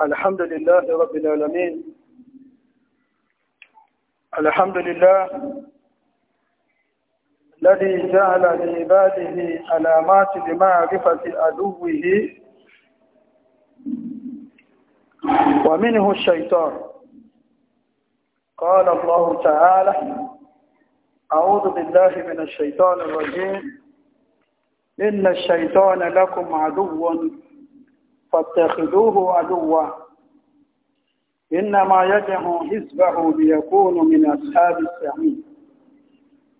الحمد لله رب العالمين الحمد لله الذي جعل لعباده علامات لمعرفة عدوه ومنه الشيطان قال الله تعالى أعوذ بالله من الشيطان الرجيم إن الشيطان لكم عدو فاتخذوه عدوا إنما يدعو حزبه ليكون من أصحاب السعيد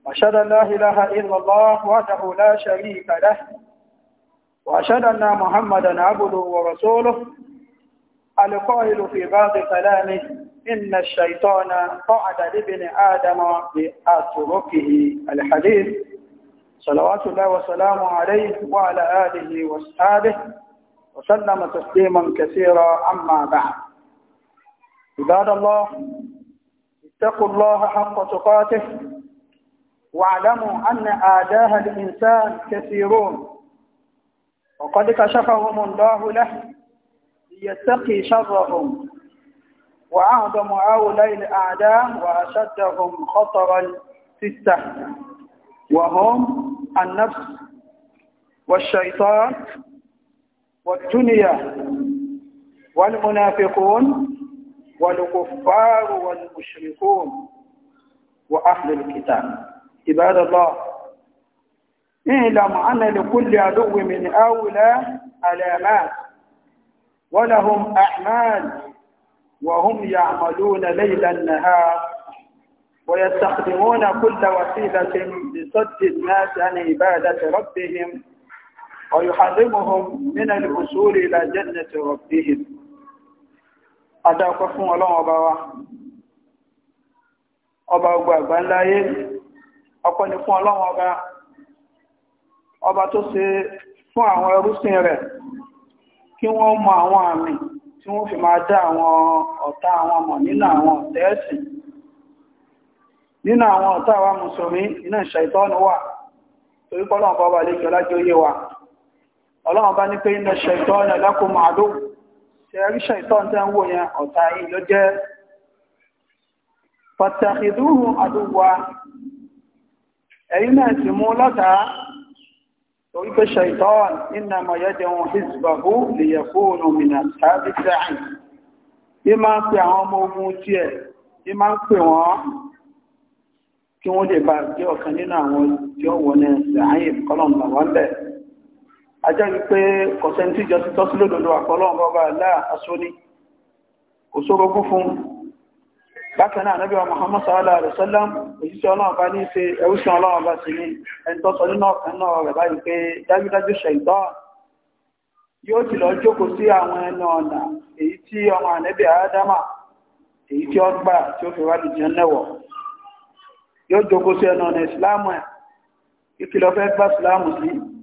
وأشهد أن لا إله إلا الله وحده لا شريك له وأشهد أن محمدا عبده ورسوله القائل في بعض كلامه إن الشيطان قعد لابن آدم بأتركه الحديث صلوات الله وسلامه عليه وعلى آله وأصحابه وسلم تسليما كثيرا أما بعد عباد الله اتقوا الله حق تقاته واعلموا أن آداه الإنسان كثيرون وقد كشفهم الله له ليتقي شرهم وأعظم هؤلاء الأعداء وأشدهم خطرا في السهل وهم النفس والشيطان والدنيا والمنافقون والكفار والمشركون وأهل الكتاب عباد الله اعلم أن لكل عدو من أولى علامات ولهم أعمال وهم يعملون ليلا نهار ويستخدمون كل وسيلة لصد الناس عن عبادة ربهم ويحرمهم من الوصول إلى fún ọlọ́run ọba wa ọba fún ọlọ́run ọba tó ṣe fún àwọn ẹrúsìn rẹ̀ kí wọ́n mọ àwọn àmì tí wọ́n fi máa dá àwọn ọ̀tá àwọn nínú àwọn nínú àwọn ọ̀tá mùsùlùmí iná wà ọba lè jọ lájọ́ ọlọ́run bá ní pé iná ṣẹ̀tọ́ ọ̀nà lákò máa ló ṣẹ̀rí ṣẹ̀tọ́ tẹ́ ń wò yẹn ọ̀tá yìí ló jẹ́ pàtàkì dúró àdúgbà ẹ̀yìn náà sì mú lọ́ta torí pé ṣẹ̀tọ́ iná mọ̀yẹ́dẹ̀ wọn hizbahu lè yẹ fóònù kí wọ́n lè bá jẹ́ ọ̀kan nínú àwọn tí ó wọ́n ní sẹ́yìn kọ́lọ̀ ajá wípé kọ̀sẹ̀ntì jọ ti tọ́sí lódòdó àkọlọ́run bọ́ba láà asóní kò sórogún fún bákan náà Ànábì wa Muhammad sallallahu alaihi wasallam òjíṣẹ́ ọlọ́run bá ní ṣe ẹwúṣẹ́ ọlọ́run bá sí ní ẹni tó sọ nínú ọ̀kan náà rẹ̀ báyìí pé dájúdájú ṣẹ̀dọ́ yóò ti lọ jókòó sí àwọn ẹnu ọ̀nà èyí tí ọmọ Ànábì Ádámà èyí tí ó gbà tí ó fi wá lùjẹ́ nẹ́wọ̀ yóò jókòó sí ẹnu ọ̀nà ìsìláàmù ẹ̀ kí kí ìsìláàmù sí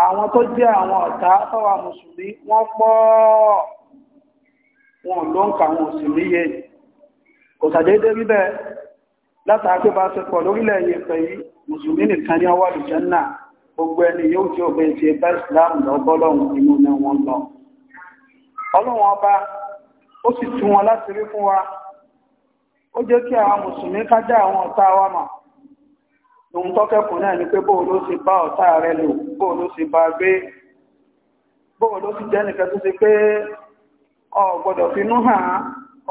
àwọn tó jẹ́ àwọn ọ̀tá tọ́wà mùsùlùmí wọ́n pọ̀ wọn ló ń kà wọn sì níye kò sàdédé ríbẹ̀ látàkì bá ṣe pọ̀ lórílẹ̀ yìí pẹ̀ yìí mùsùlùmí nìkan ní ọwọ́ àlùjànnà gbogbo ẹni yóò tí òbẹ̀ ti ẹgbẹ́ islam lọ́gbọ́lọ́hun inú ní wọn lọ ọlọ́wọ́n ọba ó sì tú wọn láti rí fún wa ó jẹ́ kí àwọn mùsùlùmí ká dá àwọn ọ̀tá wa mọ̀ lòun tọ́kẹ́kùn náà ni pé bóòló ti bá ọ̀tá rẹ lò bóò ló sì bá gbé bóò ló sì jẹ́ nìkan tó ṣe pé o gbọ́dọ̀ finú hàn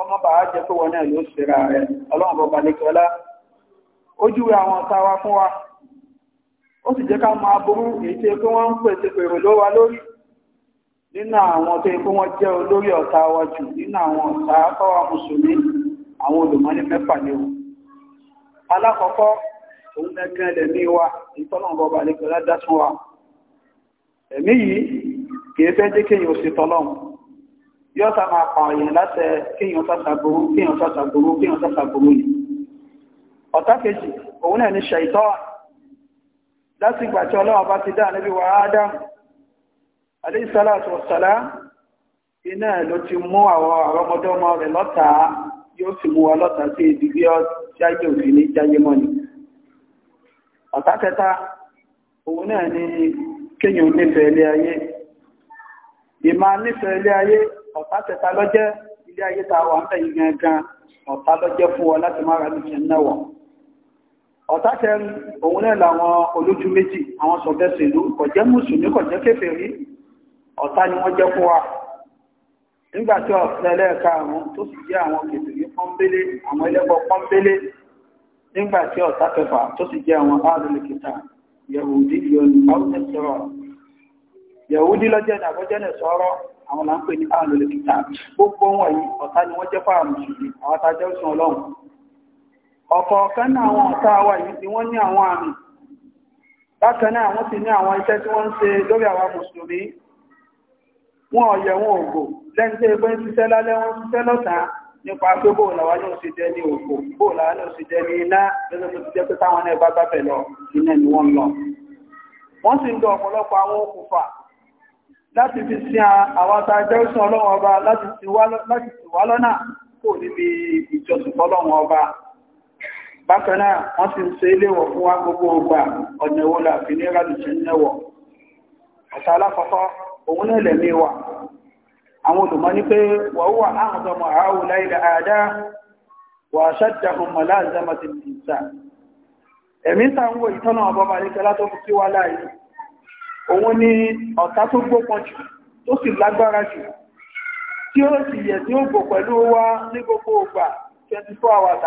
ọmọ bàá jẹ́ pé wọn náà yóò ṣera rẹ̀ ọlọ́run bọba nìkọlá ojúwe àwọn ọ̀tá wa fún wa ó sì jẹ́ ká máa burú èyí wa lórí nínú àwọn tó wa jù nínú àwọn ọ̀tá fáwa mùsùlùmí àwọn olùmọ́ni mẹ́fà ni o alákọ̀ọ́kọ́ òun gẹ́gẹ́ lẹ̀ ní wa ìtọ́nà bọba nìkọlá dá fún wa ẹ̀mí yìí kìí fẹ́ jẹ́ kéèyàn sí tọ́lọ́m yóò sá máa pa èèyàn láti kéèyàn sàṣàgbòrò kéèyàn sàṣàgbòrò kéèyàn sàṣàgbòrò yìí ọ̀tá kejì òun náà ní ṣàìtọ́ láti ìgbà tí ọlọ́wọ́ bá ti dá níbi wa ádámù aléìsálàtù ọ̀sálá iná ẹ̀ ló ti mú àwọn àrọmọdọ́mọ rẹ̀ lọ́tàá yóò sì òun náà ní kíyàn nífẹ̀ẹ́ ilé ayé ìmá nífẹ̀ẹ́ ilé ayé ọ̀tá tẹta lọ́jẹ́ ilé ayé ta wà ń bẹ̀ yìí gangan ọ̀tá lọ́jẹ́ fún ọ láti má ra lóṣù náwọ̀ ọ̀tá kẹrin òun náà làwọn olójú méjì àwọn sọ̀bẹ́sì ìlú kọ̀jẹ́ mùsùlùmí kọ̀jẹ́ kéfèrí ọ̀tá ni wọ́n yahudi àwọn ẹ̀sọ́rọ̀ yahudi ní àbọ́jẹ́lẹ̀ sọ́rọ̀ àwọn là ń pè ní ààrùn lè kíta gbogbo wọn yìí ọ̀tá ni wọ́n jẹ́ fáàmù ṣùgbọ́n àwọn tajẹ́ òsùn ọlọ́run ọ̀kọ̀ọ̀kan náà àwọn ọ̀tá wa yìí ni wọ́n ní àwọn àmì bákan náà ti ní àwọn tí ń ṣe lórí àwọn mùsùlùmí wọn wọn ògò nípa pé bóò làwọn náà ṣe jẹ́ ní òkò bóò làwọn náà ṣe jẹ́ ní iná lọ́nà tó ti jẹ́ pé táwọn náà bá gbábẹ̀ lọ iná ni wọ́n lọ. wọ́n sì ń lo ọ̀pọ̀lọpọ̀ àwọn okùnfà láti fi sin àwọn àtàjẹ́ òsùn ọlọ́wọ́n ọba láti àwọn olùmọ́ ní pé wàhúwà áhùnzọmọ̀ àáwù láìlẹ̀ àádá wà ṣájáhùn mọ̀láàzámàtì nìta ẹ̀mí tàwọ̀ ìtọ́nà ọbọ̀bà nìkẹ́lá tó fi wá láàyè òun ni ọ̀tá tó gbópọn jù tó sì lágbára jù tí ó sì yẹ tí ó gbò pẹ̀lú wa ní gbogbo ògbà 24 hours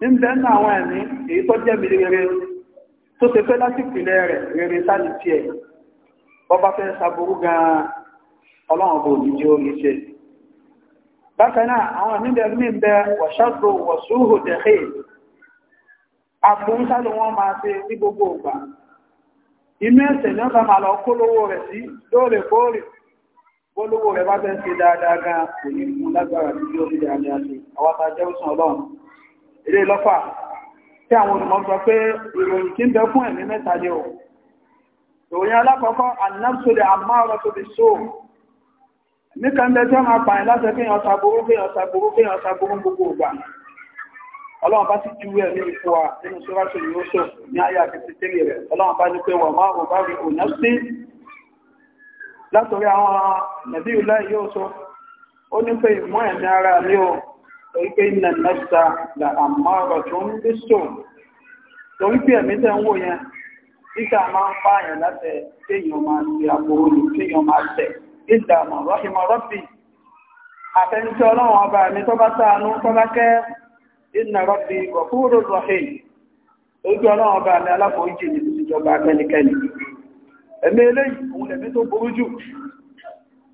níbẹ̀ ní àwọn ẹ̀mí èyí tó jẹ́ mi rere tó ṣe pé láti ìpìlẹ̀ rẹ̀ rere sáàlì tiẹ̀ bọ́bá fẹ́ ṣàbúrú gan-an ọlọ́run bò ní jẹ́ orí ṣe bákan náà àwọn ẹ̀mílẹ̀ mí bẹ wọ̀ṣàgbò wọ̀ṣúhù dẹ̀hẹ́ àfúnṣàlù wọn máa ṣe ní gbogbo ògbà inú ẹ̀sẹ̀ ní ọ̀sán máa lọ kó lówó rẹ̀ sí lóòrèkóòrè bó lówó rẹ̀ bá fẹ́ ṣe dáadáa gan kò ní mú lágbára sí bí ó fi dáadáa sí àwọn àtàjẹ́ òsàn ọlọ́run ilé lọ́fà tí àwọn olùmọ̀ sọ pé ìròyìn kí ń bẹ fún ẹ̀mí mẹ́ta ni o ìròyìn alákọ̀ọ́kọ́ ànáfíṣẹ́lẹ̀ àmárọ̀ tó fi sóò ní kẹ́ńbẹ́ tí wọ́n máa pààyàn láti fi hàn sàbúrú fi hàn sàbúrú fi hàn sàbúrú gbogbo ìgbà ọlọ́run bá ti júwé ẹ̀mí ìfò wa nínú sọ́rọ̀sọ̀ yóò sọ ní ayé àfẹ́sí tẹ́lẹ̀ rẹ̀ ọlọ́run bá ní pé wà máa rò bá rí òyìn sí látọ̀rí àwọn nàbí ìlú yóò sọ ó ní pé ìmọ̀ ẹ̀mí ara ní torí pé iná mẹ́ta là àmọ́rọ̀ tó ń bí sò torí pé ẹ̀mí tẹ́ ń wò yẹn títà máa ń pààyàn láti kéèyàn máa ti àbòrò ní kéèyàn máa tẹ̀ nígbà mọ̀ rọ́ṣìmọ̀ rọ́bì àfẹnusẹ ọlọ́run ọba mi tó bá sáànú tó bá kẹ́ iná rọ́bì gọ̀fúrò rọ̀hìn ojú ọlọ́run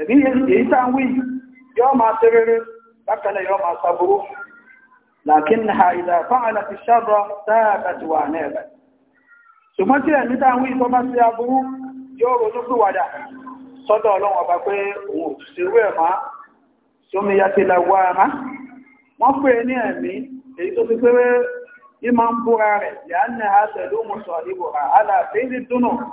ẹ̀bí èyí ịta ń wí yọ́ máa tẹ́rẹrẹ bákanẹ̀ yọ́ ha ìdá fáàlá ti ṣàbọ̀ dáadáa ti wà ní ẹ̀bẹ̀ ṣùgbọ́n ta ẹ̀mí tá si wí tọ́ bá sí aburú yóò ronú pìwàdà ọba pé òun òṣìṣẹ́ rẹ̀ máa ya ti la èyí tó ń búra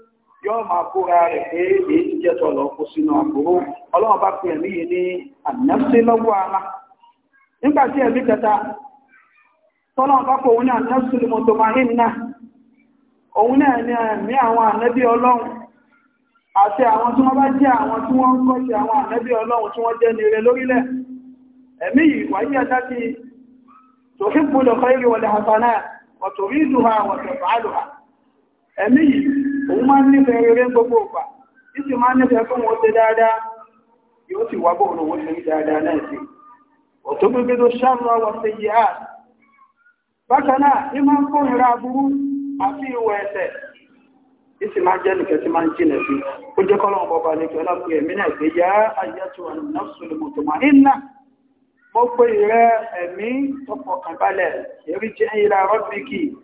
yóò máa kóra rẹ̀ pé èyí ti jẹ́ tọ̀lọ̀ kó sínú àbúrò ọlọ́run bá fi ẹ̀mí yìí ní ànáfẹ́ lọ́wọ́ ara nígbà tí ẹ̀mí kẹta tọ́lọ́run bá kó òun ní náà òun náà ní ẹ̀mí àwọn ọlọ́run àti àwọn tí wọ́n bá jẹ́ àwọn tí wọ́n ń àwọn ọlọ́run tí wọ́n jẹ́ ní ire lórílẹ̀ ẹ̀mí ẹ̀mí yìí òun máa ń nífẹ̀ẹ́ gbogbo ọ̀pá títí máa ń nífẹ̀ẹ́ fún wọn ṣe dáadáa yóò sì wá bóun òun ṣe dáadáa náà ọ̀tọ́ gbogbo tó ṣàrọ̀ wọn ṣe yìí á bákan ní máa ń kórìíra aburú àti ìwọ̀ ẹ̀ṣẹ̀ ìsì máa jẹ́ nìkẹ́ tí máa ń jìnà sí ó jẹ́ kọ́lọ̀ ọba ní kẹ́lá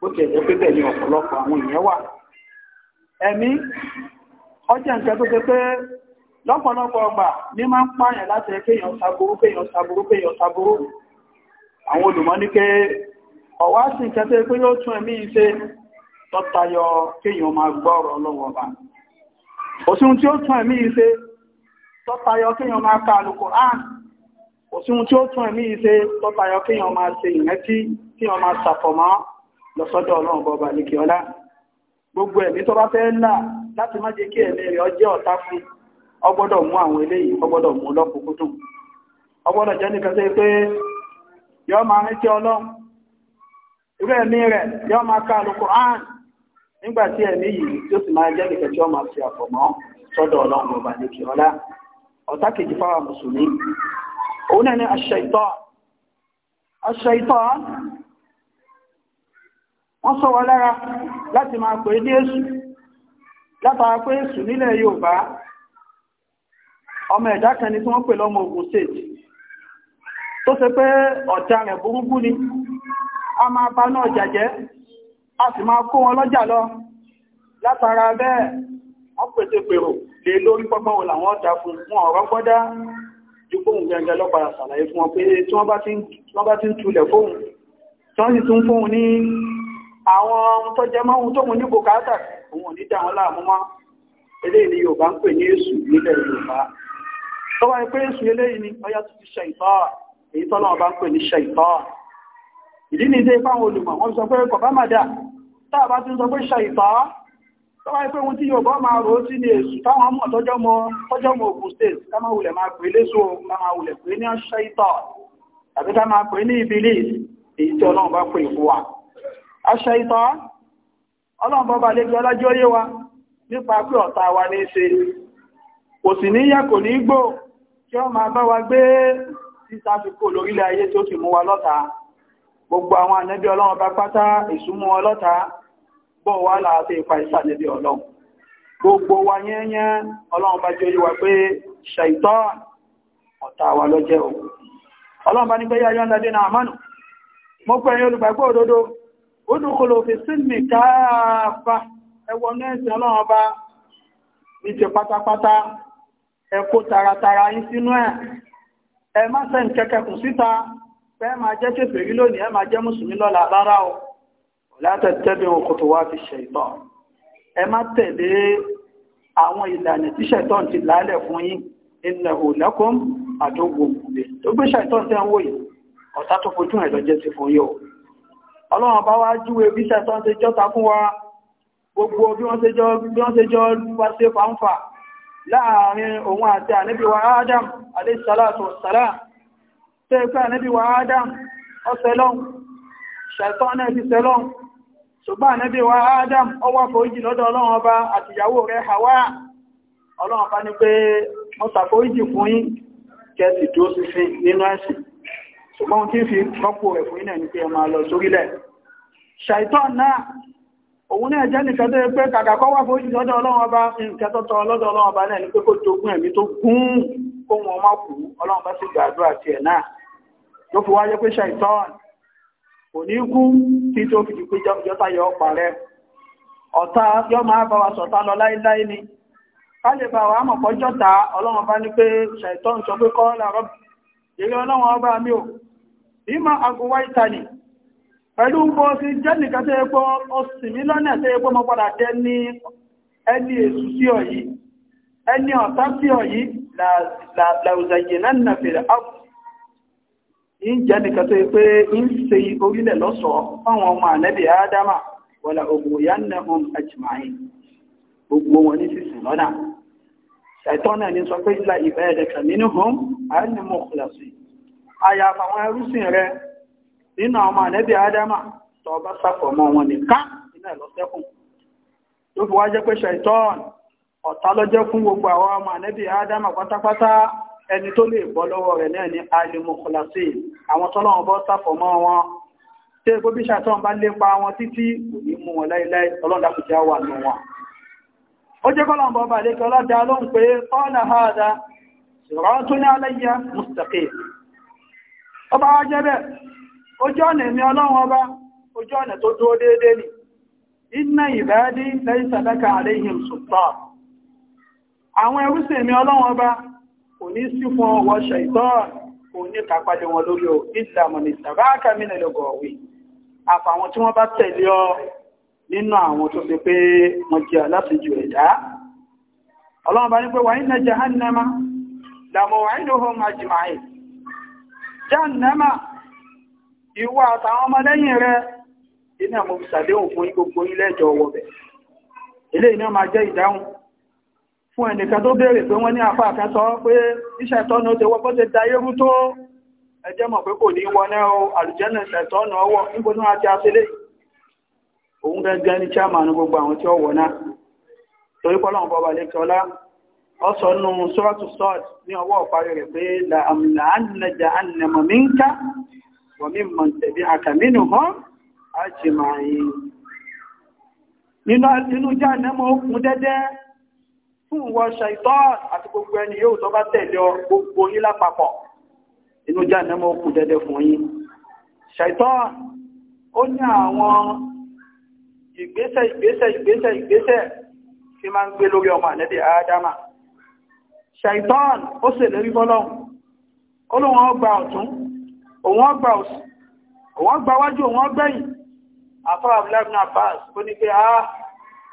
bó ti ẹ̀jẹ̀ pé bẹ́ẹ̀ ni ọ̀pọ̀lọpọ̀ àwọn èèyàn wà ẹ̀mí ọjọ́ nǹkan tó ṣe lọ́pọ̀lọpọ̀ ọgbà ní máa ń pààyàn láti kéèyàn saburú kéèyàn saburú kéèyàn àwọn olùmọ̀ ní pé ọ̀wá sí nǹkan tó pé yóò tún ẹ̀mí kéèyàn máa gbọ́ ọ̀rọ̀ ọba tí ó tún ẹ̀mí ṣe lọ́sọ́dọ̀ ọlọ́run bọba àlekè gbogbo ẹ̀mí tó bá fẹ́ là láti má jẹ́ kí ẹ̀mí rẹ̀ ọjẹ́ ọ̀tá fún ọgbọ́dọ̀ mú àwọn eléyìí ọgbọ́dọ̀ mú lọ́kùnkúndùn ọgbọ́dọ̀ jẹ́ nìkan sí pé yọ́ máa ọlọ́run irú ẹ̀mí rẹ̀ yọ́ máa ẹ̀mí yìí tí ó sì máa jẹ́ nìkan tí ó máa fi àfọ̀mọ́ sọ́dọ̀ ọlọ́run wọ́n sọ wọ́n lára láti máa pè ní èṣù látara pé èṣù nílẹ̀ Yorùbá ọmọ ẹ̀dá kan ni tí wọ́n pè lọ́mọ Ògùn state tó ṣe pé ọ̀tá rẹ̀ burúkú ni a máa bá náà jàjẹ́ a sì máa kó wọn lọ́jà lọ látara bẹ́ẹ̀ wọ́n pèsè pèrò lè lórí pọ́pọ́ wò làwọn ọ̀dà fún wọn ọ̀rọ̀ gbọ́dá ju fóun gẹ́gẹ́ lọ́pàá sàlàyé fún wọn pé tí wọ́n bá ti ń tulẹ̀ fóun tí wọ́n sì tún fóun ní àwọn ohun tó jẹ mọ́hun tó mú ní bùkátà òun ò ní dá wọn láàmú mọ́ eléyìí ni Yorùbá ń pè ní èṣù nílẹ̀ Yorùbá tó wáyé pé èṣù eléyìí ni ọyá tó ti ṣe ìtọ́ èyí tó náà bá ń pè ní ṣe ìtọ́ ìdí ni dé fáwọn olùmọ̀ wọ́n sọ pé kọ̀bá màdà tá a bá ti sọ pé ṣe ìtọ́ tó wáyé pé ohun tí Yorùbá máa rò ó sí ni èṣù táwọn mọ̀ tọ́jọ́ mọ tọ́jọ́ mọ Ògùn state ká máa wulẹ̀ máa pè léṣo ká máa wulẹ̀ pè ní ṣe ìtọ́ tàbí ká máa pè ní ìbílẹ̀ èyí tí Ọlọ́run bá pè fún wa aṣọ ìtọ́ ọlọ́mbọ́bà lè jọ lọ́jọ́ yé wa nípa pé ọ̀tá wa ní ṣe kò sì ní kò ní gbò kí ọ ma bá wa gbé títàfikò lórílẹ̀ ayé tó sì mú wa lọ́ta gbogbo àwọn ànẹ́bí ọlọ́run bá pátá ìsúnmú ọlọ́ta bọ́ wá láàáfẹ́ ipa ìsànẹ́bí ọlọ́run gbogbo wa yẹ́yẹ́ ọlọ́run bá jẹ́ wa pé ṣàìtọ́ wa lọ́jẹ́ ọlọ́run bá ní pé náà ó dúkòlò fi sílmì káàfà ẹwọ náà ẹ̀sìn ọlọ́run ọba ní ti pátápátá ẹ taratara yín sínú ẹ̀ ẹ má sẹ́ ń kẹ́kẹ́ kù síta pé máa jẹ́ kèfèrí lónìí ẹ máa jẹ́ mùsùlùmí lọ́la rárá o látẹ̀tẹ́bẹ̀ òkòtò wá fi ṣẹ̀tọ́ ẹ má tẹ̀lé àwọn ìlànà tí ṣẹ̀tọ́ ti lálẹ̀ ọlọ́run bá wá júwe bíṣẹ́ tó ń ṣe jọ́ta fún wa gbogbo bí wọ́n ṣe jọ wá sí fàǹfà láàrin òun àti ànábì wa Adam alayhi salatu wassalam tó ẹgbẹ́ ànábì wa Adam ọ̀sẹ̀lọ́n ṣẹ̀tọ́ náà ti sẹ́lọ́n ṣùgbọ́n ànábì wa Adam ọwọ́ foríjì lọ́dọ̀ ọlọ́run ọba àtìyàwó rẹ̀ Hawa ọlọ́run bá ní pé mo ṣàforíjì fún yín kẹ́ sì dúró sí nínú ẹ̀sìn ṣùgbọ́n tí ń fi rọ́pò rẹ̀ fún ilẹ̀ ní pé ẹ máa lọ sórílẹ̀ ṣàìtàn náà òun náà jẹ́ nìkan tó yẹ pé kàkà kọ́ wá fojú lọ́dọ̀ ọlọ́run ọba nǹkan tó tọ́ lọ́dọ̀ ọlọ́run ọba náà ní pé kó jogún ẹ̀mí tó gún kó wọn ọmọ kú ọlọ́run bá sì gbàdúrà tiẹ̀ náà ló fi wáyé pé ṣàìtàn kò ní kú tí tó fi dìpé jọta yọ ọpa rẹ ọ̀tá yọ máa bá wa sọ̀tá lọ láíláí ni ká lè bá wa mọ̀ pọ́jọ́ta ọlọ́run bá ní pé ṣàìtàn sọ pé kọ́ làrọ́ ìmọ̀ àgùnwá ìtàlì pẹ̀lú ń bọ́ sí jẹ́nìkan tẹ́ ẹgbọ́ ọ̀sìnmí lọ́nà tẹ́ ẹgbọ́ mọ́ padà jẹ́ ní ẹni èsù sí ọ̀yí ẹni ọ̀tá sí ọ̀yí làùzàyè náà fèrè ápù ń jẹ́nìkan tó pé ń ṣe orílẹ̀ lọ́sọ̀ọ́ fáwọn ọmọ ànẹ́bì ádámà wọ̀là ògùnyánnáhùn ajmáìn gbogbo wọn ní sísìn lọ́nà ṣàìtọ́ sọ pé ìlà ìbẹ̀ẹ̀dẹ̀kà nínú hùn àánimọ̀ kùlàsì àyàfà àwọn re rẹ nínú àwọn adama tó bá sàpọ̀ mọ́ wọn nìkan iná ìlọ́sẹ́kùn tó fi wá jẹ́ pé ṣàìtọ́ọ̀nù fun gbogbo adama patapata ẹni to le bọ́ lọ́wọ́ rẹ̀ ni alimokhlasi àwọn tọ́lọ́wọ́n bọ́ sàpọ̀ mọ́ wọn tí èkó bí ṣàtọ́n bá lépa wọn títí kò ní mú wọn láíláí ọlọ́dàkùnjẹ́ wà nù wọn ó ọba wá jẹ́ bẹ́ẹ̀ ojú eme ọlọ́run ọba ojú na tó dúró déédéé ni inna ibadi laysa laka alayhim sultan àwọn ẹrúsìn èmi ọlọ́run ọba kò ní sí fún ọwọ́ ṣẹ̀tọ́n kò ní kàpàlẹ̀ wọn lórí o ìsàmù ní sàbáàkà mí àfàwọn tí wọ́n bá tẹ̀lé ọ nínú àwọn tó pé jẹ́ ẹ̀dá ọlọ́run ní pé ní jahannama ìwọ àtàwọn ọmọlẹ́yìn rẹ iná mo fi sàdéhùn fún gbogbo ilẹ̀ ẹjọ́ bẹ̀ ilé iná ma jẹ́ ìdáhùn fún ẹnìkan tó béèrè pé wọ́n ní afá àkẹ́sọ́ pé iṣẹ́ tọ́nà ó ti wọ́pọ́ da tó ẹjẹ́ mọ̀ pé kò ní o àlùjẹ́nà ṣẹ̀tọ́nà na ọsọ nù sọ́ọ̀tù sọ́ọ̀tù ní ọwọ́ ọ̀parí rẹ̀ pé làmìlà ànàjà ànàmà mínkà wọ̀mí mọ̀tẹ̀bí àkàmínú họ́ àjìmáyé nínú já nẹ́mọ̀ okùn dẹ́dẹ́ fún ìwọ ṣàìtọ́ àti gbogbo ẹni yóò tó bá tẹ̀lé ọ gbogbo yín lápapọ̀ inú já nẹ́mọ̀ okùn dẹ́dẹ́ fún yín ṣàìtọ́ ó ní àwọn ìgbésẹ̀ ìgbésẹ̀ ìgbésẹ̀ ìgbésẹ̀ tí máa ń gbé lórí ọmọ ànẹ́bì ádámà ṣàìtọ́n ó sì lérí bọ́lọ́hun ó lóun ọgbà ọ̀tún òun ọgbà òsì òun ọgbà wájú òun ọgbẹ̀yìn àfáà abúlẹ́bùn abbas ó ní pé ah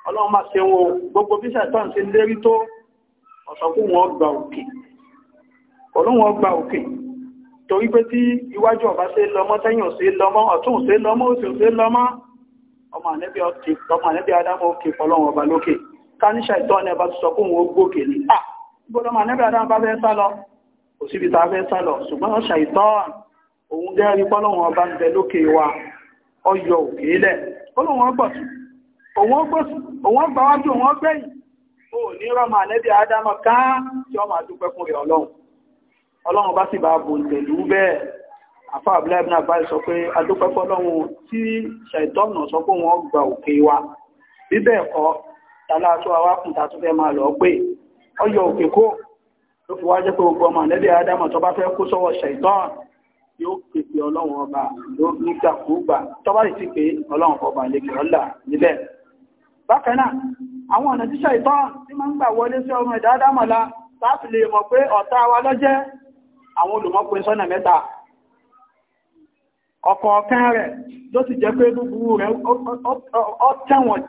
ọlọ́run máa ṣe wo gbogbo bí ṣàìtọ́n ti lérí tó ọ̀sọ̀kún wọn gbà òkè olóhun ọgbà òkè torí pé tí iwájú ọba ṣe lọmọ tẹ́yìn òṣè lọmọ ọ̀tún òṣè lọmọ òṣè òṣè lọmọ ọmọ ànẹ́bí adámọ́ òkè fọlọ́run ọba lókè ká ní ṣàìtọ́n ẹbá tó sọ fún wọn gbókè ní à gbọ́lọ́mà nẹ́bí àdáwọn bá fẹ́ sálọ kò síbi tàà fẹ́ sálọ ṣùgbọ́n ṣàìtọ́n òun gẹ́rí pọ́lọ́wọ́n ọba ń bẹ lókè wa ọyọ òkèélẹ̀ pọ́lọ́wọ́n gbọ̀sù òun gbọ̀sù òun gbà wájú òun gbẹ̀yìn o ní rọ́mà nẹ́bí àdáwọn ká tí ọmọ àdúpẹ́ fún rẹ̀ ọlọ́run ọlọ́run bá sì bá bò tẹ̀lú bẹ́ẹ̀ àfà abúlé ibùdó àbáyé sọ pé adúpẹ́ fọlọ́run tí ṣàìtọ́nà sọ pé wọ́n gba òkè wa bíbẹ̀ ẹ̀kọ́ tàlá tó awákùn tàtúfẹ́ máa lọ pé ọyọ̀ òkè kó ló fi wá jẹ́ pé gbogbo ọmọ àlẹ́dẹ̀ Ádámọ̀ tó bá fẹ́ kó sọ́wọ́ ṣẹ̀tọ́n yóò pèpè ọlọ́run ọba ló nígbàkúgbà tó bá sì pé ọlọ́run ọba lè kẹ́ ọ́là níbẹ̀ bákan náà àwọn ọ̀nà tí ṣẹ̀tọ́n tí máa ń gbà wọlé sí ọmọ ẹ̀dá Ádámọ̀ la láti lè mọ̀ pé ọ̀tá wa lọ́jẹ́ àwọn olùmọ́pin sọ́nà mẹ́ta ọ̀kọ̀ọ̀kan rẹ̀ ló sì jẹ́ pé búburú rẹ̀ ó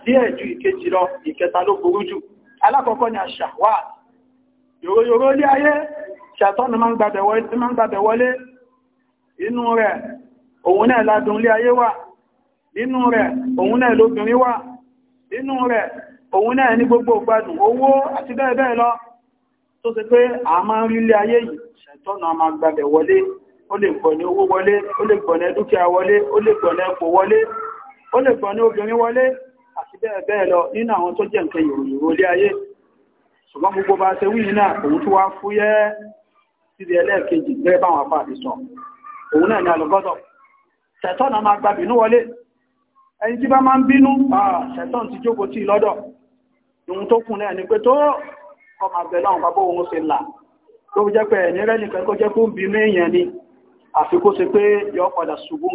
díẹ̀ ju ìkejì lọ ìkẹta ló burú jù alákọ̀ọ́kọ́ ni àṣàwáàtì yòròyòrò lé ayé ṣàtọ́nù máa ń gbàbẹ̀ wọlé inú rẹ̀ òun náà ládùn lé ayé wà inú rẹ̀ òun náà lóbìnrin wà inú rẹ̀ òun náà ní gbogbo gbádùn owó àti bẹ́ẹ̀ bẹ́ẹ̀ lọ tó ṣe pé a máa ń rí lé ayé yìí ṣàtọ́nù a máa gbàbẹ̀ wọlé ó lè gbọ̀nẹ owó wọlé ó lè gbọ̀nẹ dúkìá wọlé ó lè gbọ̀nẹ ẹ̀pọ̀ wọlé ó lè gbọ̀nẹ obìnrin wọlé àti bẹ́ẹ̀ bẹ́ẹ̀ lọ nínú àwọn tó ayé ṣùgbọ́n gbogbo bá ṣe wí náà òun tó wá fúyẹ́ síbi ẹlẹ́ẹ̀kejì gẹ́gẹ́ báwọn afá àti òun náà ni alùgọ́dọ̀ ṣẹ̀tọ́ na máa gba bínú wọlé ẹni tí bá máa ń bínú ṣẹ̀tọ́ ti jókòó tí lọ́dọ̀ ohun tó kún náà ni pé tó kọ máa ni àfi kó ṣe pé yọ padà ṣubú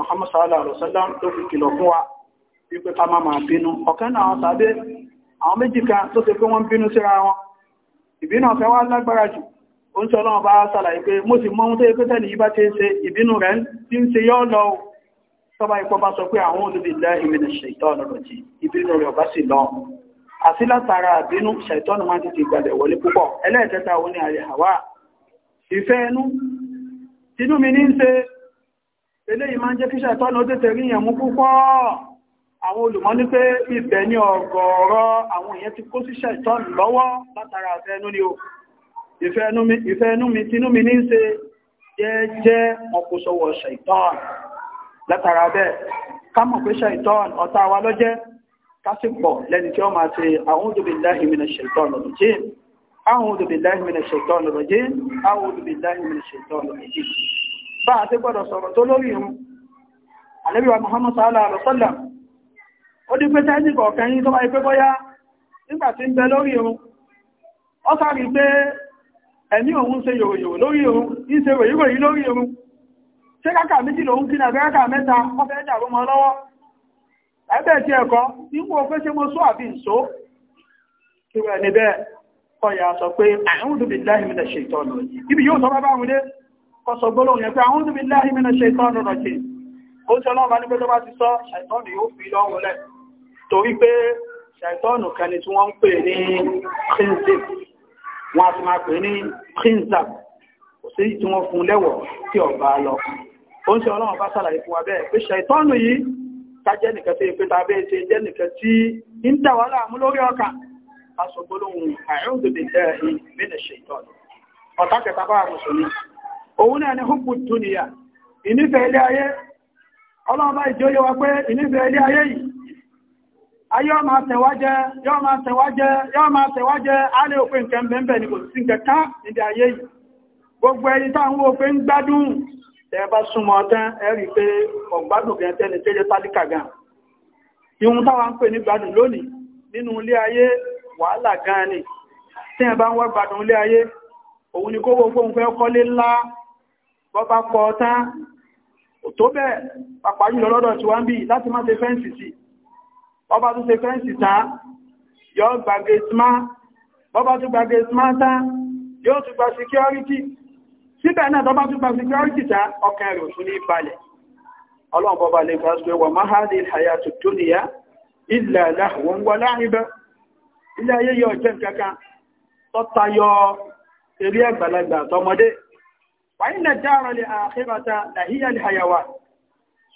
Muhammad sallallahu alaihi wasallam tó fi kìlọ̀ fún wa wípé ká má máa bínú ọ̀kan náà sàbẹ́ àwọn méjì kan tó ṣe pé wọ́n bínú síra wọn ìbínú ọ̀fẹ́ wá lágbára jù ó ń sọ ọlọ́run bá sàlàyé pé mo sì mọ ohun tó yẹ pé tẹ́lì yìí bá ti ń ṣe ìbínú rẹ̀ tí ń ṣe yọ́ lọ tọ́ba ikọ́ bá sọ pé àwọn olùdílé ìmìnà ṣètọ́nù rẹ̀ jì ìbínú rẹ̀ ọ̀bá sì lọ àti ṣe eléyìí àwọn olùmọ̀ ní pé ibẹ̀ ní ọ̀gọ̀ọ̀rọ̀ àwọn èèyàn ti kó síṣẹ́ ìtọ́n lọ́wọ́ látara ìfẹ́ ẹnu ni o ìfẹ́ ẹnu mi tínú mi ní ń ṣe jẹ́ẹ́jẹ́ ọkùsọwọ̀ ṣẹ̀tọ́n látara bẹ́ẹ̀ ká mọ̀ pé ṣẹ̀tọ́n ọ̀tá wa ló jẹ́ ká sì pọ̀ lẹ́ni tí ó máa ṣe a'udhu billahi minash shaitonir rajim a'udhu billahi minash shaitonir rajim a'udhu ti gbọ́dọ̀ sọ̀rọ̀ ó dí pé sáìsì kọ̀ọ̀kan yí tó bá ipé bọ́yá nígbà tí ń bẹ lórí òun ó sáré pé ẹ̀mí òun ṣe yòròyòrò lórí òun ìṣe ròyìnròyí lórí òun ṣé káka méjì lòun kí náà káka mẹ́ta ó fẹ́ jà rúmọ lọ́wọ́ ẹgbẹ́ ti ẹ̀kọ́ wo pé ṣe mo sọ àbí ìṣó kí wẹ̀ níbẹ̀ kọyà sọ pé ibi yóò sọ bá wọlé kọ sọ gbólóhùn yẹn pé a'udhu billahi minash shaitani rajim ó sọ lọ́wọ́ bá ní pé tó bá ti sọ ṣàìtọ́nù yóò torí pé ṣàìtọ́nù kan ni tí wọ́n ń pè ní khinzib wọ́n a ti máa pè ní khinzab kò sí tí wọ́n fún lẹ́wọ̀ tí ọba lọ ó ń ṣe ọlọ́run bá sàlàyé fún wa bẹ́ẹ̀ pé ṣàìtọ́nù yìí kájẹ́ nìkan tí pé tàbí ṣe jẹ́ nìkan tí ń dà láàmú lórí ọkà aṣògbólóhùn àìrùndòdè dẹ́rẹ̀ ayé ọmọ àtẹ̀wájẹ́ yọ́mọ àtẹ̀wájẹ́ yọ́mọ àtẹ̀wájẹ́ a lè òpin nǹkan bẹ̀m̀bẹ̀ ní kò sí kẹta níbi ayé yìí gbogbo ẹni tá ń wó pé ń gbádùn tẹ́ẹ̀bá súnmọ́ ọ̀tán ẹ̀rí pé ọ̀gbádùn kẹ́ tẹ́ni tẹ́jẹ́ tálíkà gan ihun táwa ń pè ní gbádùn lónìí nínú ilé ayé wàhálà gan ni tí ẹ bá ń wá gbádùn ilé ayé òun ni kó gbogbo ọba tó ṣe fẹ́ǹsì tá yóò gba gẹ̀ẹ́sìmá bọ́bá tó gba gẹ̀ẹ́sìmá tá yóò tún gba security síbẹ̀ náà tọ́bá tún gba security tá ọkàn rẹ̀ òfin ní balẹ̀ ọlọ́run bọ́bá lè gbá sọ wà máa lè àyà tó tó nìyà ilẹ̀ aláhùn wà láàrínbẹ̀ ilẹ̀ ayé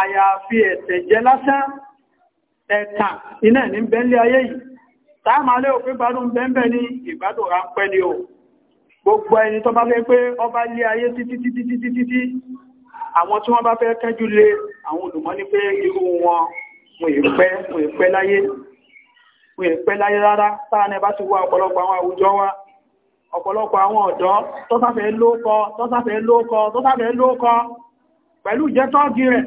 àyàfi ẹ̀tẹ̀ jẹ́ lásán ẹ̀tàn iná ní bẹ́ẹ̀lẹ̀ ayé yìí táàmà lé òfin gbádùn bẹ́ẹ̀bẹ̀ ní ìgbádùn ráńpẹ́ ni o gbogbo ẹni tó bá fẹ́ pé ọba lé ayé títí títí títí títí àwọn tí wọ́n bá fẹ́ kẹ́jú lé àwọn olùmọ́ ní pé irú wọn wọ́n èpẹ́ wọ́n èpẹ́ láyé wọ́n èpẹ́ láyé rárá táàní bá ti wá ọ̀pọ̀lọpọ̀ àwọn àwùjọ wa ọ̀pọ̀lọpọ̀ àwọn ọ̀dọ́ tọ́sáfẹ́ lóókọ tọ́sáfẹ́ lóókọ tọ́sáfẹ́ lóókọ pẹ̀lú ìjẹ́tọ́gì rẹ̀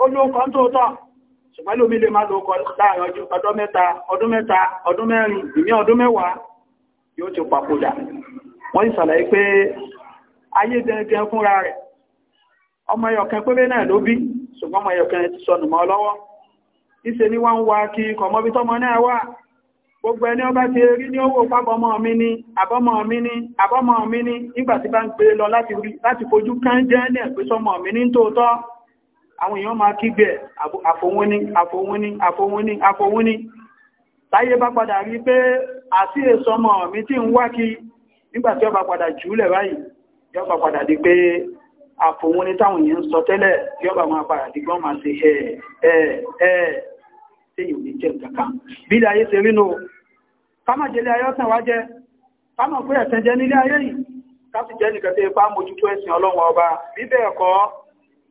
olú lóókọ tó tọ́ ṣùgbọ́n lómi lè má lóókọ láàrin ọdún mẹ́ta ọdún mẹ́ta ọdún mẹ́rin ìmí ọdún mẹ́wàá yóò ti wọ́n pé ayé dẹ̀ẹ́dẹ̀ fúnra rẹ̀ ọmọ ẹyọ̀kẹ́ péré náà ló bí ṣùgbọ́n ọmọ ẹyọ̀kẹ́ ti sọnù mọ́ lọ́wọ́ Ise ni ń wa kí náà gbogbo àwọn èèyàn máa kígbẹ̀ àfòwúní àfòwúní àfòwúní àfòwúní táyé bá padà rí pé àti èsọmọ̀ mi tí ń wá kí nígbàtí ọba padà jùúlẹ̀ báyìí yọba padà di pé àfòwúní táwọn èèyàn sọ tẹ́lẹ̀ yọba máa padà di gbọ́n máa ṣe ẹ̀ ẹ̀ ẹ̀ tí yìí ní jẹ́ kankan bí ilé ayé ṣe rí nù kámọ̀ jẹ́lé ayé ọ̀sán wá jẹ́ kámọ̀ pé ẹ̀sẹ̀ jẹ́ nílé ayé yìí ká sì jẹ́ nìkan tí ipá mójútó ẹ̀sìn ọlọ́run ọba bíbẹ̀ ẹ̀kọ́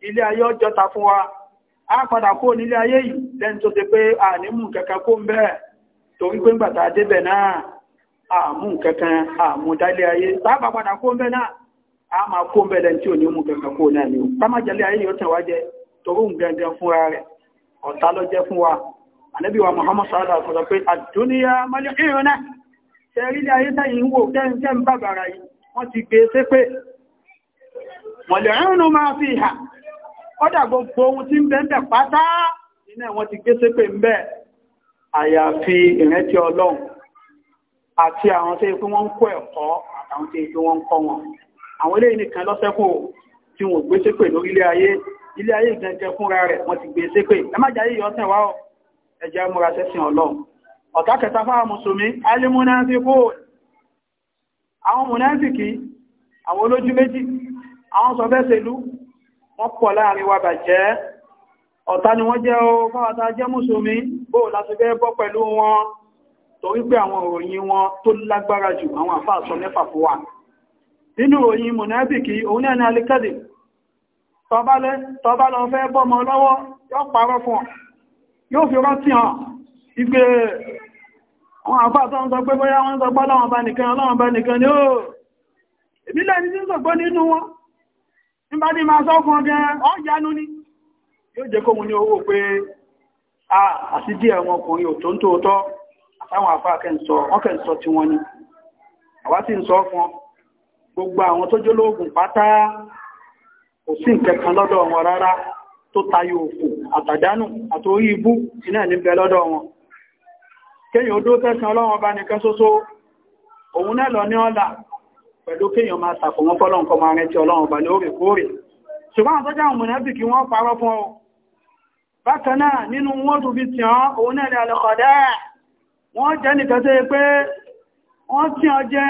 ilé ayé ọjọ́ ta fún wa a padà kó nílé ayé yìí lẹ́ni tó pé a kankan kó ń bẹ́ẹ̀ torí pé ńgbàtà débẹ̀ náà a kankan a dálé ayé sábà padà kó ń bẹ́ náà a máa kó ń bẹ́ lẹ́ni tí mú kankan kó náà ni o ká má jẹ́lé ayé yóò tàn wá jẹ torí òun gangan fúnra rẹ̀ ọ̀tá wa ànábì wa Muhammad pé àdúníyà ayé wò ń bàbàrà yìí wọ́n ti gbé sépè máa fi hà kọ́dà gbogbo ohun tí ń bẹ́ẹ̀ pátá iná wọn ti gé sépè ń bẹ́ẹ̀ àyàfi ìrántí ọlọ́run àti àwọn tó yẹ pé wọ́n ń kọ́ ẹ̀kọ́ àtàwọn tó yẹ pé wọ́n ń kọ́ wọn àwọn eléyìí nìkan lọ́sẹ́kù tí wọ́n gbé sépè lórí ilé ayé ilé ayé ìgbẹ̀ǹkẹ́ fúnra rẹ̀ wọ́n ti gbé sépè ẹ má jẹ́ ayé yọ̀ọ́sẹ̀ wá ẹjẹ́ múra sẹ́sìn ọlọ́run ọ̀tá kẹta fáwọn mùsùlùmí alimúnáfíkò àwọn mùnáfíkì àwọn olójú méjì àwọn sọfẹ́sẹ̀lú wọ́n pọ̀ láàrin wa bàjẹ́ ọ̀tá ni wọ́n jẹ́ o fáwátá jẹ́ mùsùlùmí bó láti bẹ́ bọ́ pẹ̀lú wọn torí pé àwọn òròyìn wọn tó lágbára jù àwọn àfáà sọ mẹ́fà fún wa nínú òròyìn mùnáfìkì òun náà ní alikẹ́dì tọba lọ fẹ́ bọ́mọ lọ́wọ́ yóò parọ́ fún ọ yóò fi rántí hàn ipé àwọn àfáà ń sọ pé bóyá wọ́n sọ ni ó sọ pé nígbà tí máa sọ fún ọgẹ́ ọjánú ní yóò jẹ́ kó mú ní owó pé àti díẹ̀ wọn ọkùnrin ò tó ń tóótọ́ àtàwọn àfá ọkẹ̀ǹsọ tí wọ́n ni àwá tí ń sọ fún gbogbo àwọn tó jẹ́ lóògùn pátá kò sí lọ́dọ̀ wọn rárá tó òfò àtàdánù ibú iná níbẹ̀ lọ́dọ̀ wọn kéyìn ó dó tẹ́sán nìkan lọ ní pẹ̀lú kéèyàn máa tàkò wọn fọ́lọ́n kọ máa rántí ọlọ́run ọba lóòrèkóòrè ṣùgbọ́n àwọn tọ́jà àwọn mọ̀nàbì kí wọ́n parọ́ fún ọ bákan náà nínú wọn tó fi tì án òun náà ní alẹ́kọ̀ọ́dá wọ́n jẹ́ nìkan tó yẹ pé wọ́n tì án jẹ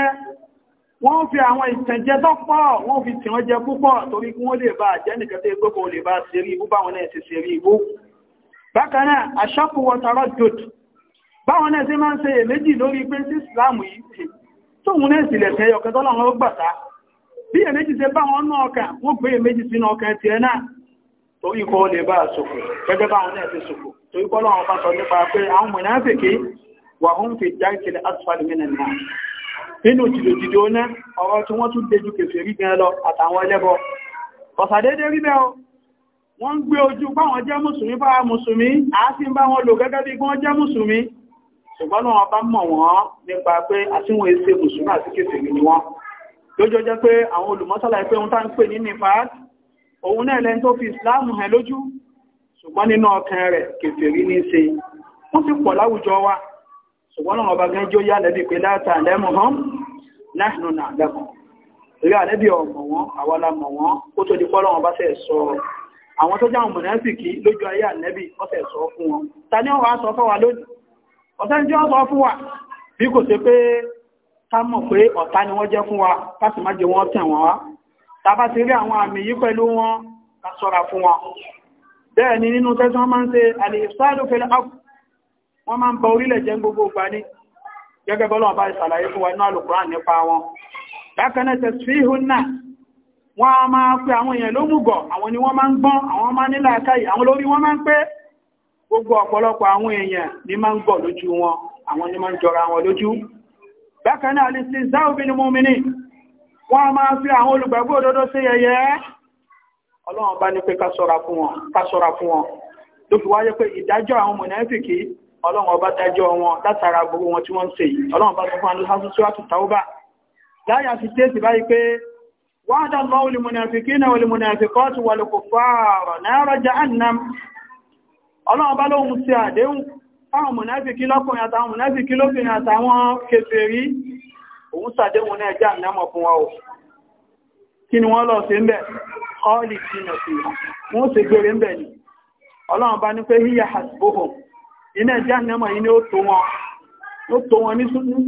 wọ́n fi àwọn ìtànjẹ tó pọ̀ wọ́n fi tì án jẹ púpọ̀ torí kí wọ́n lè bá jẹ́ nìkan tó yẹ pé kò lè bá ṣeré ibú báwọn náà ti ṣeré ibú bákan náà aṣọ́pù wọ́tàrọ́ jòd báwọn náà ti máa ń ṣe èméjì lórí pé sí ìsìláàmù yìí tóhun náà sì lẹ̀sẹ̀ ọ̀kẹ́ tọ́lọ́run ó gbàtá bí ẹ̀mẹ́jì ṣe bá wọn náà ọkà wọ́n gbé ẹ̀mẹ́jì sínú ọkà ti ẹ̀ náà torí kọ́ lè bá ṣòfò gẹ́gẹ́ bá wọn náà ti ṣòfò torí kọ́ lọ́wọ́ bá sọ nípa pé àwọn mùnáfìkì wà hún fi dáìkì asfali mìíràn náà nínú jìdòjìdò náà ọ̀rọ̀ tí wọ́n tún dejú kèfè rí gan lọ àtàwọn ẹlẹ́bọ ọ̀sàdédé rí bẹ́ẹ̀ wọ́n ṣùgbọ́n náà bá mọ̀ wọ́n nípa pé àtíwọ̀n èsè mùsùlùmí àti kèfèrí ni wọ́n lójó jẹ́ pé àwọn olùmọ́sálà pé ohun tá ń pè ní nifas òun náà lẹ́ni tó fi ìsìláàmù hàn lójú ṣùgbọ́n nínú ọkàn rẹ̀ kèfèrí ní ṣe wọ́n sì pọ̀ láwùjọ wa ṣùgbọ́n náà ọba gan jó yálẹ̀ bí pé láta lẹ́mù hàn láàánú náà lẹ́kùn rí àlẹ́bí ọmọ wọn àwọn alamọ̀ wọn tó di àwọn mọ̀nẹ́sì kí lójú ayé àlẹ́bí wọ́n sọ fún wọn ta ni wọ́n wá fọ́wà lónìí ọ̀tá ní wọ́n sọ fún wa bí kò ṣe pé ká mọ̀ pé ọ̀tá ni wọ́n jẹ́ fún wa ká sì má jẹ wọ́n tẹ̀ wọ́n wá tàbá ti rí àwọn àmì yí pẹ̀lú wọn ká sọ́ra fún wọn bẹ́ẹ̀ ni nínú tẹ́sán máa ń ṣe àlèṣàdó fẹ́lẹ́ ápù wọ́n máa ń bọ orílẹ̀ jẹ́ gbogbo ìgbà ní gẹ́gẹ́ bọ́lọ̀ bá ìsàlàyé fún wa inú alùkùrán nípa wọn bákanáà tẹ̀síhùn náà wọ́n a máa pẹ àwọn èèyàn ló mú gọ̀ àwọn ni wọ́n máa ń gbọ́n àwọn máa nílà káyì gbogbo ọ̀pọ̀lọpọ̀ àwọn èèyàn ní máa ń gbọ̀ lójú wọn àwọn ni máa ń jọra wọn lójú bákan náà lè sí záòbínú múmini wọ́n a máa fi àwọn olùgbàgbọ́ òdodo sí yẹ̀yẹ́ ọlọ́run bá ní pé ká fún wọn ká fi wáyé pé ìdájọ́ àwọn mọ̀nẹ́fìkì ọlọ́run ọba dájọ́ wọn látara gbogbo wọn tí wọ́n ń fún síwájú ọlọ́run bá lóhun ṣe àdéhùn fáwọn mùnáfìkí lọ́kùnrin àtàwọn mùnáfìkí lóbìnrin àtàwọn kèfèrí òun ṣàdéhùn náà já ìnámọ̀ fún wa o kí ni wọ́n lọ sí ń bẹ̀ ọ́ọ̀lì jìnà sí wọ́n sì gbére ń bẹ̀ ni ọlọ́run bá ní pé híyà àsìbóhò iná já ni ó tó wọn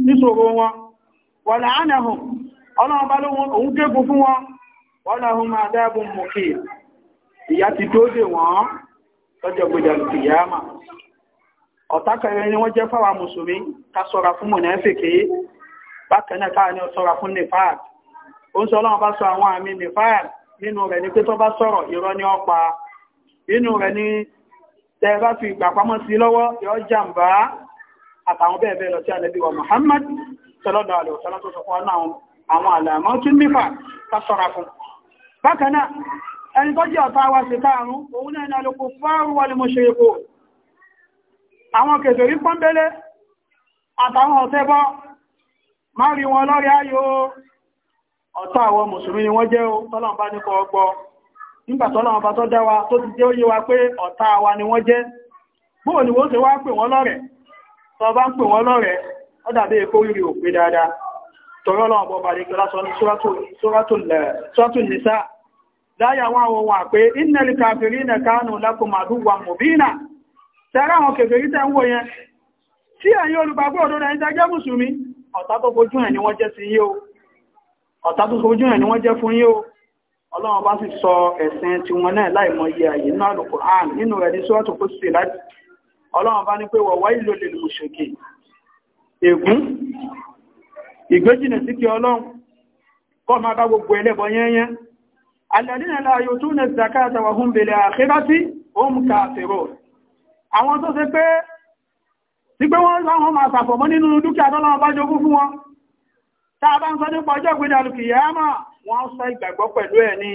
níṣòro wọn wà láàánàhùn ọlọ́run bá lóhun òun kéèkù fún wọn wọ́n lọ́jọ́ gbèjà lùkì yáàmà ọ̀tákẹrẹ ni wọ́n jẹ́ fáwa mùsùlùmí ká sọ́ra fún mọ̀nẹ́fèké bákan náà káà ní ọ̀sọ́ra fún nefad ó ń sọ ọlọ́run bá sọ àwọn àmì nefad nínú rẹ̀ ni pé tó bá sọ̀rọ̀ irọ́ ni ó pa rẹ̀ ni tẹ́ fi ìgbà pamọ́ sí lọ́wọ́ yọ jàǹbá àtàwọn bẹ́ẹ̀ bẹ́ẹ̀ lọ sí ànábì wa Muhammad sọlọ́dọ̀ àlọ́ sọlọ́tọ̀ sọ fún àwọn àlàmọ́ tún nífà ká sọ́ra fún bákan ẹni tó jẹ́ ọ̀tá wa sí káàrún òun náà ni alùkù fáàrù wà ní mo ṣe epo àwọn kèfèrí pọ́nbélé àtàwọn ọ̀tẹ́bọ́ má rí wọn lori ayò ọ̀tá àwọn mùsùlùmí wọ́n jẹ́ o tọ́lọ́n bá ọgbọ. ọgbọ́ nígbà tọ́lọ́n bá wa ti wa ni je. ni si wá láyà wọn àwọn wà pé innal kafirina kanu lakum aduwwan mubina tẹ́rẹ àwọn kèfèrí tẹ́ ń wò yẹn tí ẹ̀yin olùgbàgbọ́ òdodo ẹ̀yin tẹ́ jẹ́ mùsùlùmí ọ̀tá tó fojú ni wọ́n jẹ́ sí yíó ọ̀tá tó fojú ẹ̀ ni wọ́n jẹ́ fún yíó ọlọ́run bá sì sọ ẹ̀sìn tí náà láìmọ̀ àyè nínú alladhina la yutuna zakata wa hum bil akhirati hum kafirun àwọn tó ṣe pé tí pé wọ́n láwọn máa sàfọ̀mọ́ nínú dúkìá tó láwọn bá jogún fún wọn tá a bá ń sọ nípa ọjọ́ ìpínlẹ̀ alùkìyàmà wọ́n sọ ìgbàgbọ́ pẹ̀lú ẹ̀ ni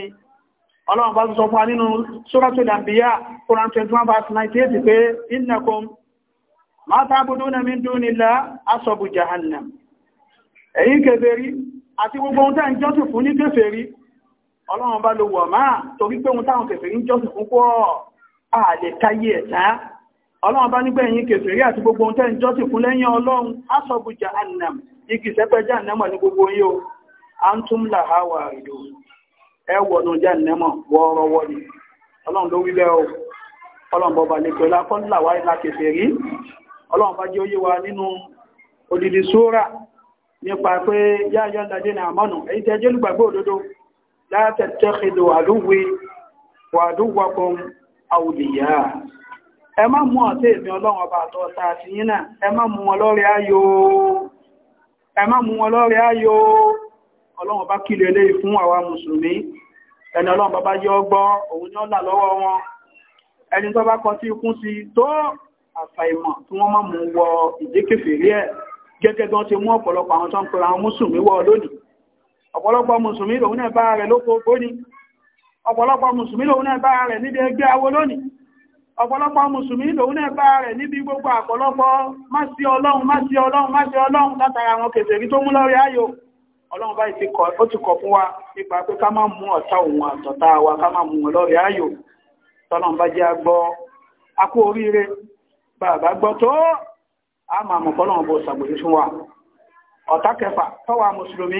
ọlọ́run bá sọ fún wa nínú ọlọ́run bá lo wọ̀ máa torí pé ohun táwọn kèfèrí ń jọ́sìn fún pọ́ ààlè káyé ẹ̀tá ọlọ́run bá nígbẹ̀ yìí kèfèrí àti gbogbo ohun tẹ́ ń jọ́sìn fún lẹ́yìn ọlọ́run asọ́bù jahannam igi sẹ́pẹ́ jahannamọ̀ ní gbogbo yíò antum laha waridun ẹwọ̀nù jahannamọ̀ wọ́ọ́rọ́wọ́ ni ọlọ́run ló wílẹ̀ o ọlọ́run bọba lè pẹ̀lú akọ́ńlá wáyé la kèfèrí ọlọ́run bá jẹ́ ó yé wa لا تتخذوا عدوي وعدوكم أولياء ẹ má mú ọ̀tẹ́ èmi ọlọ́run ọba àtọ́ ọ̀tá àti yín náà ẹ má mú wọn lọ́rẹ̀ ayò ẹ má mú wọn lọ́rẹ̀ ayò ọlọ́run ọba kí lè léyìí fún àwa mùsùlùmí ẹni ọlọ́run bàbá yọ ọgbọ́ òun ni ó là lọ́wọ́ wọn ẹni tó bá kọ sí ikún sí tó àfàìmọ̀ tí wọ́n má mú wọ ìdíkèfèrí ẹ̀ gẹ́gẹ́ bí wọ́n ti mú ọ̀pọ̀lọpọ̀ àwọn tó ń pera àwọn mùsùlùmí wọ lónìí ọ̀pọ̀lọpọ̀ mùsùlùmí lòun náà bá rẹ̀ lóko ògbó ni ọ̀pọ̀lọpọ̀ mùsùlùmí lòun náà bá rẹ̀ níbi ẹgbẹ́ awo lónìí ọ̀pọ̀lọpọ̀ mùsùlùmí lòun náà bá rẹ̀ níbi gbogbo àpọ̀lọpọ̀ má sí ọlọ́run má sí ọlọ́run má sí ọlọ́run látara àwọn kèfèrí tó mú lọ́rí ayò ọlọ́run báyìí ti kọ̀ fún wa nípa pé ká má mú ọ̀tá òun àtọ̀tá wa ká má mú wọn lọ́rí ayò tọ́lọ́run bá jẹ́ agbọ́ akú oríire bàbá gbọ́ tó a máa mọ̀ kọ́lọ́run bó ṣàgbòyí fún wa ọ̀tá kẹfà tọ́wà mùsùlùmí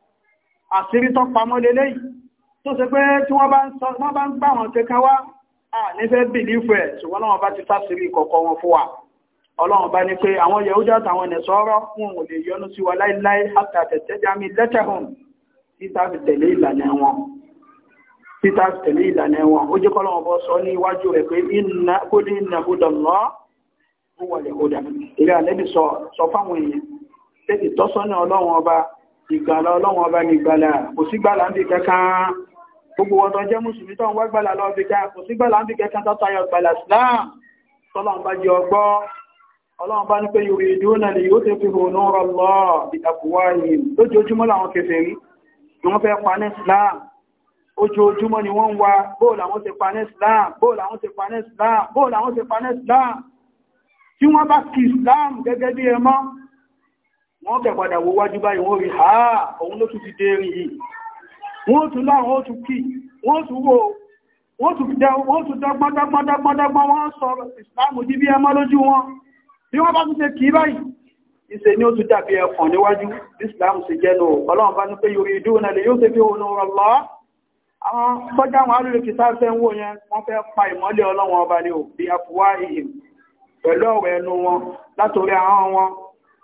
àṣírí tó pamọ́ lélẹ́ yìí tó ṣe pé tí wọ́n bá ń gbà wọn kẹkẹ wá nífẹ́ bìlífù ẹ̀ ṣùgbọ́n náà bá ti sáṣírí ìkọ̀kọ̀ wọn fún wa ọlọ́run bá ní pé àwọn yẹ̀húdà àtàwọn ẹ̀nẹ̀ sọ́rọ́ fún òun lè yọnu sí wa láíláí àtàtẹ̀tẹ̀ jámi lẹ́tẹ̀hùn títà fi tẹ̀lé ìlànà wọn títà fi tẹ̀lé ìlànà wọn ó jẹ́ kọ́lọ́run bọ́ sọ ní iwájú rẹ̀ pé iná kó ní iná húdà lọ́ ó wọlé húdà ìrẹ́ àlẹ́bí sọ fáwọn èèyàn tẹ́tì tọ́sọ́nà ọlọ́run ìgbàlá ọlọ́run ọba ní ìgbàlá kò sí gbàlá ń bí kankan gbogbo wọn tó jẹ́ mùsùlùmí tó ń wá gbàlá lọ bí kan kò sí gbàlá ń bí kankan tó tayọ gbàlá Islam tọ́lọ́run bá jẹ ọgbọ́ ọlọ́run bá ní pé yorì ìdúnà ni yóò ti fi hùnú rọlọ́ ìtàkùwá yìí lójoojúmọ́ làwọn kèfèrí ni wọ́n fẹ́ pa ní Islam ojoojúmọ́ ni wọ́n ń wa bóòlù àwọn ti pa ní Islam bóòlù àwọn ti pa ní Islam bóòlù àwọn ti pa ní Islam tí wọ́n bá kí Islam gẹ́gẹ́ bí ẹmọ́ wọ́n kẹ̀ padà wo wájú báyìí wọ́n rí ha òun ló tún ti dé rí yìí wọ́n tún láwọn ó tún kí wọ́n tún wò wọ́n tún dágbọ́ndágbọ́ndágbọ́n wọ́n sọ ìsìláàmù jí bí ẹmọ́ lójú wọn bí wọ́n bá tún ṣe kìí báyìí ìṣe ni ó tún dàbí ẹ̀kàn níwájú ìsìláàmù sì jẹ́nu ọlọ́run bá ní pé yorí ìdúró náà lè yóò ṣe fi òun rọ̀ lọ́ àwọn sọ́jà àwọn alúlùkì sáfẹ́ ń wò yẹn wọ́n fẹ́ pa ìmọ́lẹ̀ ọlọ́run ọba ni ò bí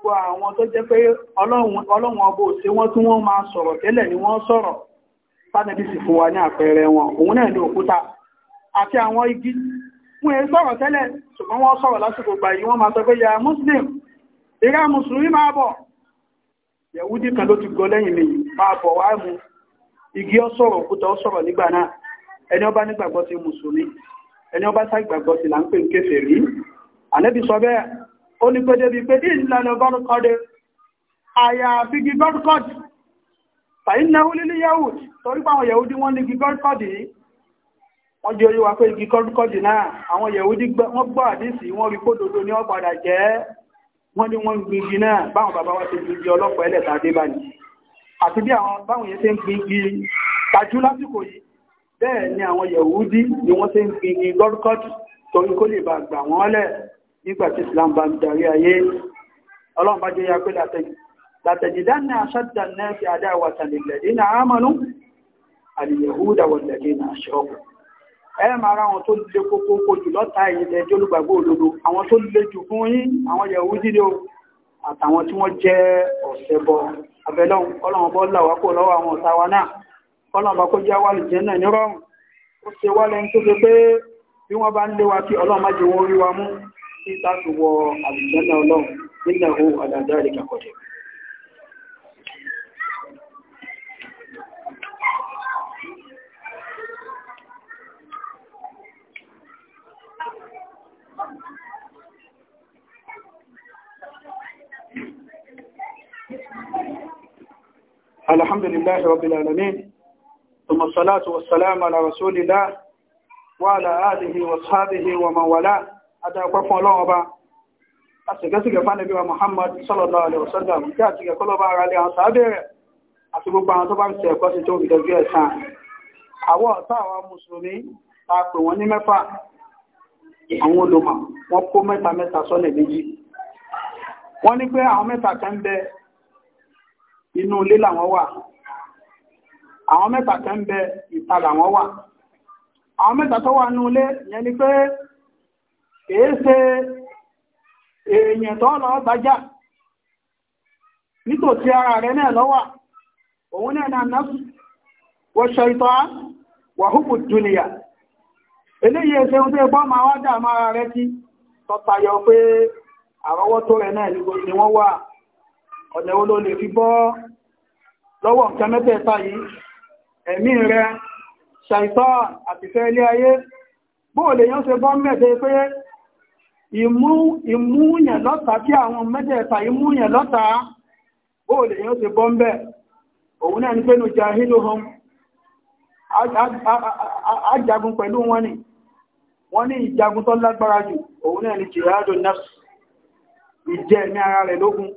gbogbo àwọn tó jẹ́ pé ọlọ́run ọbọ̀ òsè wọ́n tí wọ́n máa sọ̀rọ̀ tẹ́lẹ̀ ni wọ́n sọ̀rọ̀ pánẹ́bí sì fún wa ní àpẹẹrẹ wọn òun náà ní òkúta àti àwọn igi wọ́n èé sọ̀rọ̀ tẹ́lẹ̀ ṣùgbọ́n wọ́n sọ̀rọ̀ lásìkò gbà yìí wọ́n máa sọ pé ya muslim ìrá mùsùlùmí máa bọ̀ yẹ̀wúdí kan ló ti gọ lẹ́yìn mi máa bọ̀ wá mú igi ó sọ̀rọ̀ òkúta ó sọ̀rọ̀ nígbà náà ẹni ó bá nígbàgbọ́ sí mùsùlùmí ẹni ó bá sáìgbàgbọ́ sí là ń pè ń kéfèrí ànẹ́bí sọ bẹ́ẹ̀ ó ní pé débi pé ní ìlànà bọ́rùkọ́dé àyàfi gi bọ́rùkọ́dì fàínàwó lílé yahud torí pàwọn yahudi wọ́n ní gi bọ́rùkọ́dì yìí wọ́n jẹ́ orí wa pé igi kọ́rùkọ́dì náà àwọn yahudi wọ́n gbọ́ àdísì wọ́n rí kódodo ní ọ̀padà jẹ́ wọ́n ní wọ́n gbingi náà báwọn bàbá wa ti gbingi ọlọ́pàá ẹlẹ́ta adébáni àti bí àwọn báwọn yẹn ṣe ń gbingi tajú lásìkò yìí bẹ́ẹ̀ ni àwọn yahudi ni wọ́n ṣe ń gbingi kọ́rùkọ́dì torí kó lè bàgbà wọ́n lẹ̀ nígbàtí islam bá ń darí ayé ọlọ́run bá jẹ́ ya pé látẹ̀jìdánà aṣádà náà fi àdáwà tàbílẹ̀dé na ámànú àlìyàhúdà wọ̀lẹ̀dé na aṣọ́kù ẹ máa ra àwọn tó lè kókó kojú lọ́ta ìyẹ̀dẹ̀ jólúgbàgbó òdodo àwọn tó lè jù fún yín àwọn yẹ̀húdí ni ó àtàwọn tí wọ́n jẹ́ ọ̀sẹ̀bọ abẹ́lọ́hun ọlọ́run bọ́ là wá lọ́wọ́ àwọn ọ̀tá wa náà ọlọ́run bá kó jẹ́ wà lùjẹ́ náà nírọ̀rùn ó ṣe wá lẹ́ni tó ṣe pé bí wọ́n bá ń lé wa kí ọlọ́run má jẹ́ wọ́n rí wa mú tí táàkì wọ àlùjànnà ọlọ́run nílẹ̀ ohun àdàdà الحمد لله رب العالمين ثم الصلاة والسلام على رسول الله وعلى آله وصحابه ومن والاه adáwọ̀pẹ́ fún ọlọ́run ọba àṣẹ̀gẹ́sìgẹ̀ fánàbí wa Muhammad sallallahu alaihi wasallam kí àṣẹ̀gẹ̀ kọ́lọ́bà ara lé àwọn sàábẹ̀rẹ̀ àti gbogbo àwọn tó bá ń ṣe ẹ̀kọ́ sí tó ń dẹ̀bí ẹ̀sán àwọn ọ̀tá àwọn mùsùlùmí ta pè wọ́n ní mẹ́fà àwọn olùmọ̀ wọ́n kó mẹ́ta mẹ́ta sọ́nà méjì wọ́n ní pé àwọn mẹ́ta kan bẹ inú ilé làwọn wà àwọn mẹ́ta kan bẹ ìta làwọn wà àwọn mẹ́ta tó wà nínú ilé yẹn ni pé kìí ṣe èèyàn tó lọ bájá nítòsí ara rẹ̀ náà lọ́wà òun náà náà náà wọ́ṣọ ìtọ́ wàhùkù dúnìyà eléyìí ẹsẹ̀ ohun tó ẹgbọ́n wá dà mára rẹ̀ tí tọ́tayọ pé àrọ́wọ́tó rẹ̀ náà ni wọ́n wà ọ̀nà wo lè fi bọ́ lọ́wọ́ nǹkan mẹ́tẹ̀ẹ̀ta yìí ẹ̀mí rẹ̀ ṣàìtọ́ àtìfẹ́ ilé ayé bóòlè yán ṣe bọ́ mẹ́tẹ̀ẹ́ pé ìmúyàn lọ́ta kí àwọn mẹ́jẹ̀ẹ̀ta ìmúyàn lọ́ta ó lè yóò ti bọ́ ń bẹ̀ òun náà ní pé nùjà hílòhun ajagun pẹ̀lú wọn ni wọ́n ní ìjagun tó lágbára jù òun náà ni jihadu nafs ìjẹ́ Ije ara rẹ̀ lógún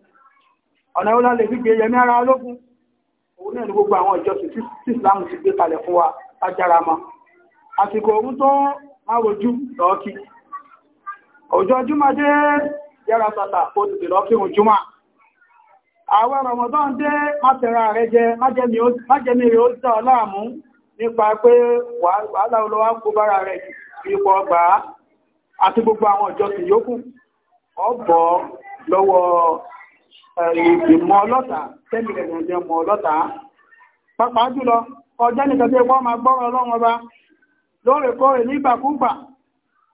ọ̀nà ìwọ́n lè ara ọjọ́ jùmọ́ dé yára tàtà ó ti lọ kírun jùmọ́ Ramadan dé mátẹ̀ra rẹ jẹ májẹ̀mí rẹ ó dá ọ láàmú nípa pé wàhálà olówá kó bára rẹ ipò ọgbà àti gbogbo àwọn ọbọ̀ lọ́wọ́ ọlọ́ta ọjọ́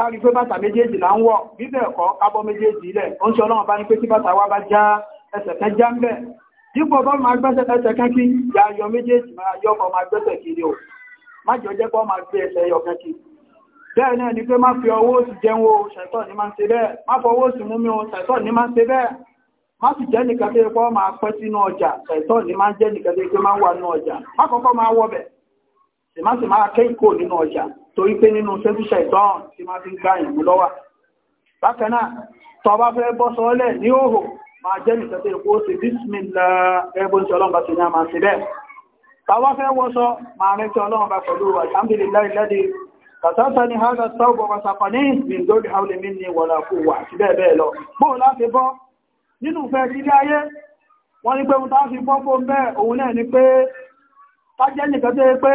kárí pé bàtà méjèèjì là ń wọ̀ bíbẹ̀ ẹ̀kọ́ kábọ́ méjèèjì ilẹ̀ ó ń ṣe ọlọ́run bá ní pé bàtà wa bá já ẹsẹ̀ kan já ń bẹ̀ dípò ya yọ méjèèjì máa yọ ọkọ̀ máa gbẹ́sẹ̀ kiri o má jọ jẹ́ pọ́ máa gbé ẹsẹ̀ yọ kan kí bẹ́ẹ̀ náà ni pé má fi ọwọ́ jẹun o ni máa ń ṣe bẹ́ẹ̀ má mú mi o torí pé nínú sẹ́fíṣẹ̀ ìtọ́n tí máa fi ń gbá ìmú lọ́wà bákanáà tọ́ bá fẹ́ bọ́ sọ́ọ́lẹ̀ ní òhò máa jẹ́ nìtẹ́tẹ́ ìpó sí bísmìlẹ̀ ẹgbẹ́ tí ọlọ́run bá ti ní àmà sílẹ̀ tàwa fẹ́ wọ́sọ máa rẹ́ tí ọlọ́run bá pẹ̀lú alhamdulillahi alladhi kàtàtà ni hádà tọ́gbọ̀ wasapa ní min dórí haúlẹ̀ mi ní wọ̀lá kú wà sí bẹ́ẹ̀ bẹ́ẹ̀ lọ bóò láti bọ́ nínú fẹ́ sílé ayé wọ́n ní pé mo tá fi bọ́ fún bẹ́ẹ̀ òun náà ni pé ká jẹ́ nìkan tó yẹ pé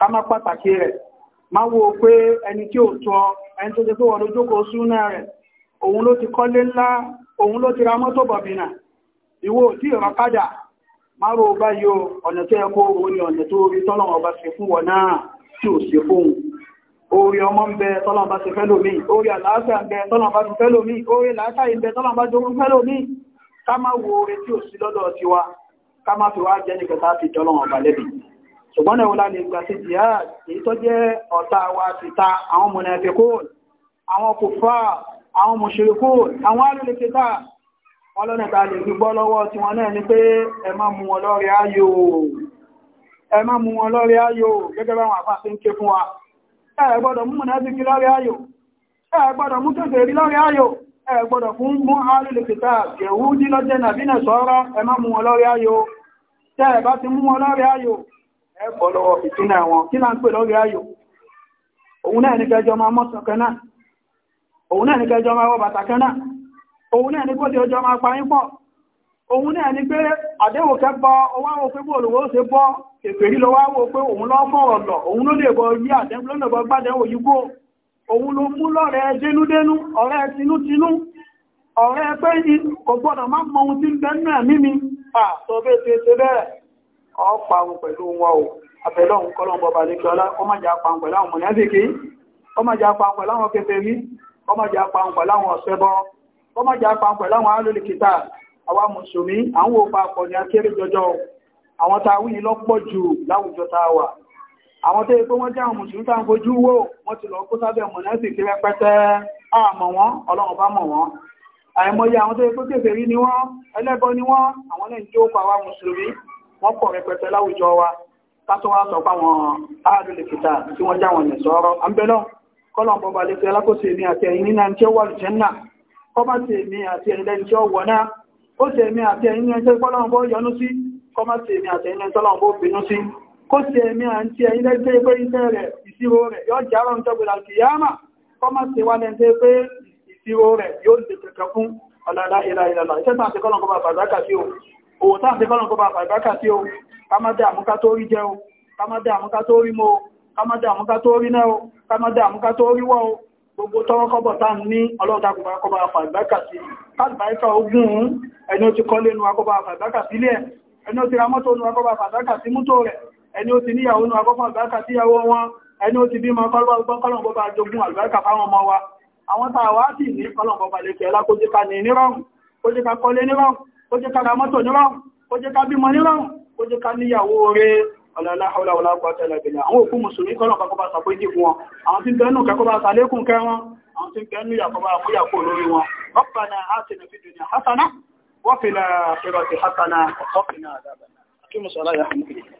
ka ma pàtàkì rẹ̀ má wo pé ẹni tí ò tọ́ ẹni tó ti pé wọ́n lójókòó súnà rẹ̀ òun ló ti kọ́lé ńlá òun ló ti ra mọ́tò bọ̀bìnà ìwọ tí ìrọ̀kádà márò bá yóò ọ̀nà tó ẹkọ́ owó ni ọ̀nà tó rí tọ́lọ̀wọ̀ bá ṣe fún wọn náà tí ò sí fún orí ọmọ ń bẹ tọ́lọ̀wọ̀ bá orí àlàáfíà ń bẹ bá ká ṣùgbọ́n náà wọ́n lè gbà sí jihad èyí tó jẹ́ ọ̀tá wa tìta àwọn munafikun àwọn kùfà àwọn mushrikun àwọn alìlẹ̀kẹta wọn lọ́nà ta lè gbígbọ́ lọ́wọ́ tí wọ́n náà ní pé ẹ má mú wọn lọ́rẹ̀ ayò ẹ má mú wọn lọ́rẹ̀ ayò gẹ́gẹ́ bá wọn àfà sí ń ké fún wa ẹ gbọ́dọ̀ mú munafiki lọ́rẹ̀ ayò ẹ lọ́jẹ́ nàbínà sọ́rọ̀ ẹ má mú wọn lọ́rẹ̀ ayò ẹ̀kọ́ lọ́wọ́ fìtínà wọn kí náà ń pè lọ́rẹ̀ ayò òun náà ní kẹjọ máa mọ́sàn kan náà òun náà ní kẹjọ máa wọ bàtà kan náà òun náà ní kó tí ọjọ́ máa parí pọ̀ òun náà ní pé àdéhùn kẹ bọ ọwá wo pé bóòlù ó ṣe bọ́ èpèrí lọ wá pé òun lọ fọ̀rọ̀ lọ òun ló lè bọ yí àdéhùn ló lè ọ parun pẹ̀lú wọn o àbẹ̀lọ́ òun kọ́ lọ́wọ́ bọba lẹ́kẹ́ ọlá ọ má jà parun pẹ̀lú àwọn mọ̀nẹ́bìkì ọ má jà parun pẹ̀lú àwọn kèfèrí ọ má jà parun pẹ̀lú àwọn ọ̀ṣẹbọ ọ má jà parun pẹ̀lú àwọn alólùkìtà àwa mùsùlùmí àwọn òpa àpọ̀ ní akéré jọjọ àwọn tá a wí yìí lọ́pọ̀ a wà àwọn tó yẹ pé wọ́n jẹ́ àwọn mùsùlùmí tá à ń fojú wò wọ́n ti lọ kó sábẹ́ mọ̀nẹ́bìkì rẹpẹtẹ àmọ̀ wọn ọlọ́run bá mọ̀ wọn àìmọye àwọn tó yẹ pé ni wọ́n ẹlẹ́bọ ni wọ́n àwọn náà ń jó pa mùsùlùmí wọ́n pọ̀ rẹpẹtẹ láwùjọ wa kátó wá sọ fáwọn áàdùn lè fìtà tí wọ́n jáwọn lè sọ̀rọ̀ àmbẹ́lọ́ kọ́lọ̀ bọba lè fi alákòóso èmi àti ẹ̀yin nínú ẹni tí ó wà lù jẹ́nà kọ́má sí èmi àti ẹni lẹ́ni tí ó wọ̀ náà ó sì èmi àti ẹ̀yin nínú ẹni tí kọ́lọ̀ bọ́ yọnú sí kọ́má sí èmi àti ẹ̀yin nínú ẹni tọ́lọ̀ bọ́ bínú sí kó sì èmi àti ẹ̀yin lẹ́ni tí pé òwò tá à ń fi kọ́lọ̀ kó bá àbáríkà sí o ká má dá àmúká tó rí jẹ o ká má dá àmúká tó rí mo o ká má dá àmúká tó rí náà o ká má dá àmúká tó rí wọ́ o gbogbo tọ́wọ́ kọ́bọ̀ tá à ń ní ọlọ́run dákùn bá kọ́bà àbáríkà sí káàbáríkà ogún un ẹni ó ti kọ́ lẹ́nu akọ́bà àbáríkà sílẹ̀ ẹni ó ti ra mọ́tò nu akọ́bà àbáríkà sí mútò rẹ̀ ó jẹ́ ká ra mọ́tò nírọ̀rùn ó jẹ́ ká bímọ nírọ̀rùn ó jẹ́ ká níyàwó rẹ̀ ọ̀làlá ọ̀làwọ̀lá pàtàkì ẹlẹ́gbẹ̀lẹ̀ àwọn òkú mùsùlùmí kọ́lọ̀ kọ́kọ́ bá sàpéjì fún wọn àwọn tí ń bẹnu kẹ́kọ́ bá sàlékún kẹ́ wọn àwọn tí ń bẹnu yàkọ́ bá múyàkó lórí wọn Rabbana atina fid dunya hasana wa fil akhirati hasana wa qina adhaban nar